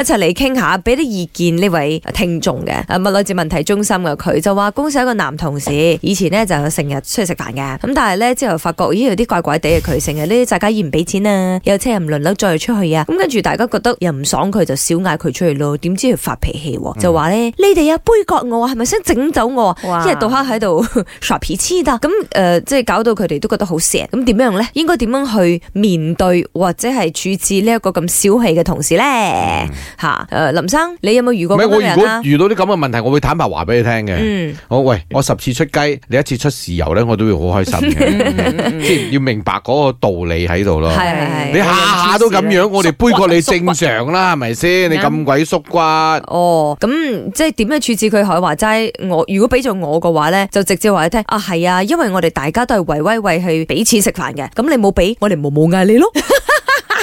一齊嚟傾下，俾啲意見呢位聽眾嘅，啊，咪來自問題中心嘅，佢就話公司有一個男同事，以前呢就成日出去食飯嘅，咁但係呢，之後發覺咦有啲怪怪地嘅，佢成日呢大家唔俾錢啊，有車又唔輪流再出去啊，咁跟住大家覺得又唔爽佢，就少嗌佢出去咯，點知佢發脾氣、啊，嗯、就話呢：「嗯、你哋啊杯葛我，係咪想整走我？一哇 日到黑喺度耍皮痴得。咁 誒、嗯呃，即係搞到佢哋都覺得好邪，咁點樣呢？應該點樣去面對或者係處置呢一個咁小氣嘅同事呢？嗯吓，誒、啊，林生，你有冇遇過？唔，我如果遇到啲咁嘅問題，我會坦白話俾你聽嘅。嗯，好、哦，喂，我十次出雞，你一次出豉油咧，我都會好開心嘅。即係 要明白嗰個道理喺度咯。係係係，你下下都咁樣，我哋杯葛你正常啦，係咪先？你咁鬼縮骨。哦，咁即係點樣處置佢海華齋？我如果俾咗我嘅話咧，就直接話你聽。啊，係啊，因為我哋大家都係為威為去俾錢食飯嘅，咁你冇俾，我哋冇冇嗌你咯。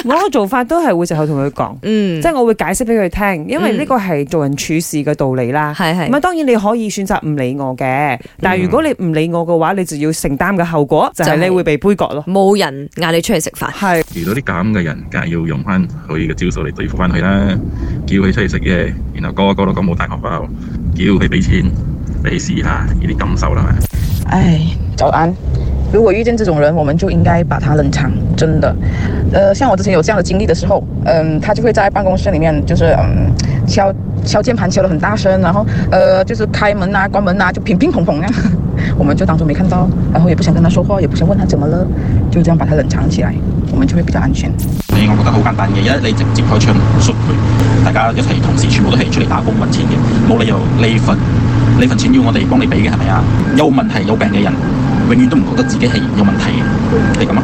啊、我個做法都係會直頭同佢講，即係我會解釋俾佢聽，因為呢個係做人處事嘅道理啦。係係、嗯，唔係當然你可以選擇唔理我嘅，是是但係如果你唔理我嘅話，你就要承擔嘅後果、嗯、就係你會被杯葛咯。冇人嗌你出嚟食飯，係遇到啲咁嘅人，梗係要用翻佢嘅招數嚟對付翻佢啦。叫佢出嚟食嘢，然後個哥,哥都咁冇大紅包，叫佢俾錢，你試下呢啲感受啦嘛。唉，早安。如果遇見這種人，我們就應該把他冷藏，真的。真的呃，像我之前有這樣的經歷的時候，嗯、呃，他就會在辦公室裏面，就是，呃、敲敲鍵盤敲得很大聲，然後，呃，就是開門啊、關門啊，就乒乒乓乓啊， 我們就當做沒看到，然後也不想跟他說話，也不想問他怎麼了，就這樣把他冷藏起來，我們就會比較安全。你我覺得好簡單嘅，一你直接開窗出大家一齊同時全部都係出嚟打工搵錢嘅，冇理由呢份呢份錢要我哋幫你俾嘅係咪啊？有問題有病嘅人，永遠都唔覺得自己係有問題嘅，係咁啊。